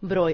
broj